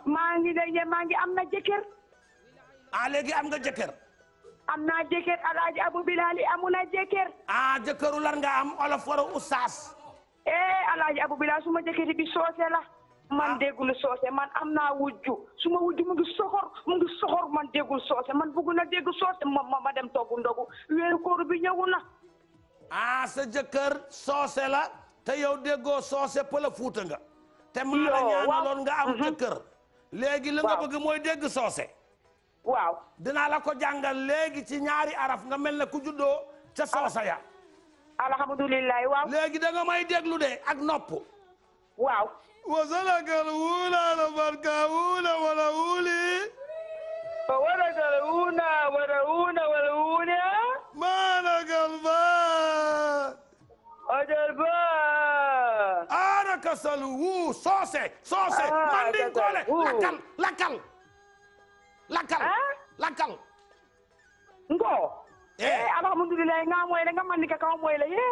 maa ngi de maa ngi am na jëkkër ah léegi am nga jëkkër am naa jëkkër alaaji abu bilali amula jëkkër ah jëkkëru lan nga am olof wara ustaas eh alaaji abu bilal suma jëkkëri bi soose la man ah. déggul soose man am naa wujju suma wujju mu ngi soxor mu ngi soxor man déggul soose man bëgg na dégg soose ma ma dem togg ndogu weeru kóor bi ñëw na aa sa jëkkër soose la te yow déggoo soose pël a fuuta nga te maa la ñaanaloon nga am mhm. jëkkër léegi la nga bëgg mooy dégg soose waaw dinaa la ko jàngal léegi ci ñaari araf nga mel ne ku juddoo ca soosa ya alhamdulilah waaw léegi da nga may déglu de ak nopp waaw wasalakal wuula la barka wuula wala wuula lakasalu wuu soose soose ah, ah, mandinkoole lakkal lakkal lakkal lakkal ah? ngo Eh, eh alhamdulillah nga moyle nga mandika ka moyle ye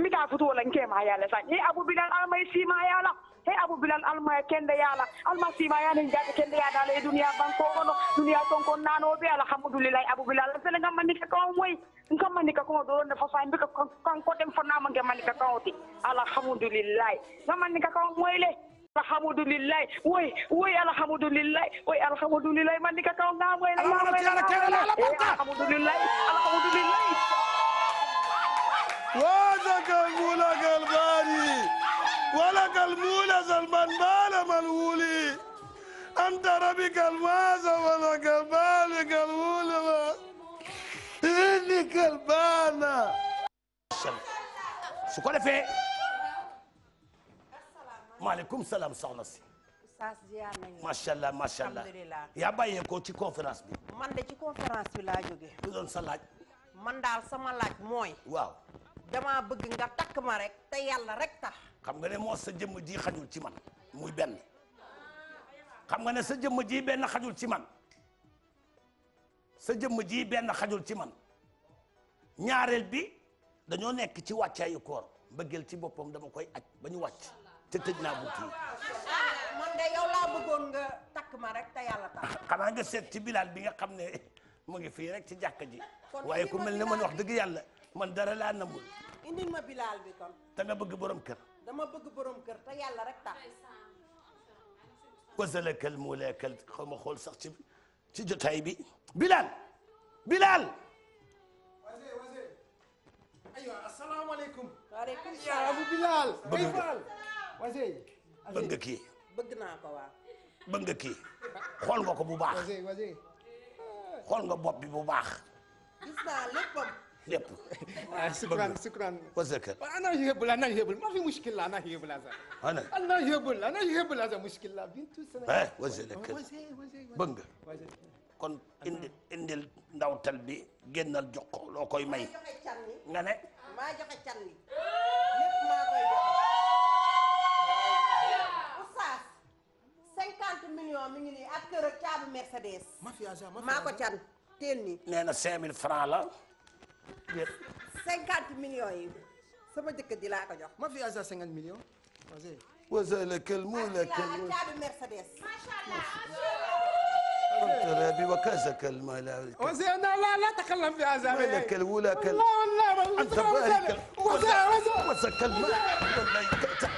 mi ka futu wala nke ma yala sa ni eh, abu bilal alma si ma yala he eh, abu bilal alma kende yala alma si ma yala njaati kende ya duniya banko ono duniya tonko nano be alhamdulillah abu bilal sele nga mandika ka moyle nka manika kan do ne fa fambi ka kan ko dem fana mangi manika kan oti alhamdulillah na manika kan moyle alhamdulillah woy woy alhamdulillah woy alhamdulillah manika kan nga moyle alhamdulillah alhamdulillah وذاك المولك الغالي ولك المولز المنبال ملولي أنت ربك الماز ولك بالك digal baax ko defee maaleykum salaam soxna si macha allah macha allah yaa bàyyee ko ci conférence bi man de ci conférence bi laa jóge lu doon sa laaj man daal sama laaj mooy waaw damaa bëgg nga takk ma rek te yàlla rek tax xam nga ne moo sa jëmm ji xajul ci man muy benn xam nga ne sa jëmm ji benn xajul ci man sa jëmm ji benn xajul ci man ñaareel bi dañoo nekk ci wàccaayu koor mbëggeel ci boppam dama koy aj ba ñu wàcc te tëj naa bunt yi man de yow laa bëggoon nga takk ma rek te yàlla tax ah, xanaa nga seet ci bilaal bi nga xam ne mu ngi fii rek ci jàkka ji waaye ku mel ne man wax dëgg yàlla man dara laa na indil ma bilaal bi kon bëgg borom kër dama bëgg borom kër te yàlla rek tax wasalakal xaw ma xool sax ci ci jotaay bi bilaal aywa asalaamaaleykum. waaleykum salaam Abu Bilal. bëgg nga wasey. bëgg nga kii. bëgg naa ko waaw. bëgg nga kii xool nga ko bu baax. wasey wasey. xool nga bopp bi bu baax. gis naa léppam. lépp. ah sukran sukran. wasakar. ana yebul ana yebul ma fi mushkil ana yebul asa. ana ana yebul ana yebul asa mushkil eh, la bintu sana. wasakar bëgg nga. kon indi indil ndawtal bi génnal jox ko loo may. nga ne. maa joxe can li mi ngi ak kër ak Mercedes. maa ko can teen nii. nee na cinq mille francs la. cinquante millions yi sama jëkkër ji laa ko jox. ma fi à cinquante millions. wasalaamaaleykum. ak caabu Mercedes. قلت ربي وكازك المال وزين لا لا تكلم في هذا ملك الولا كال والله والله الظاهر وزك المال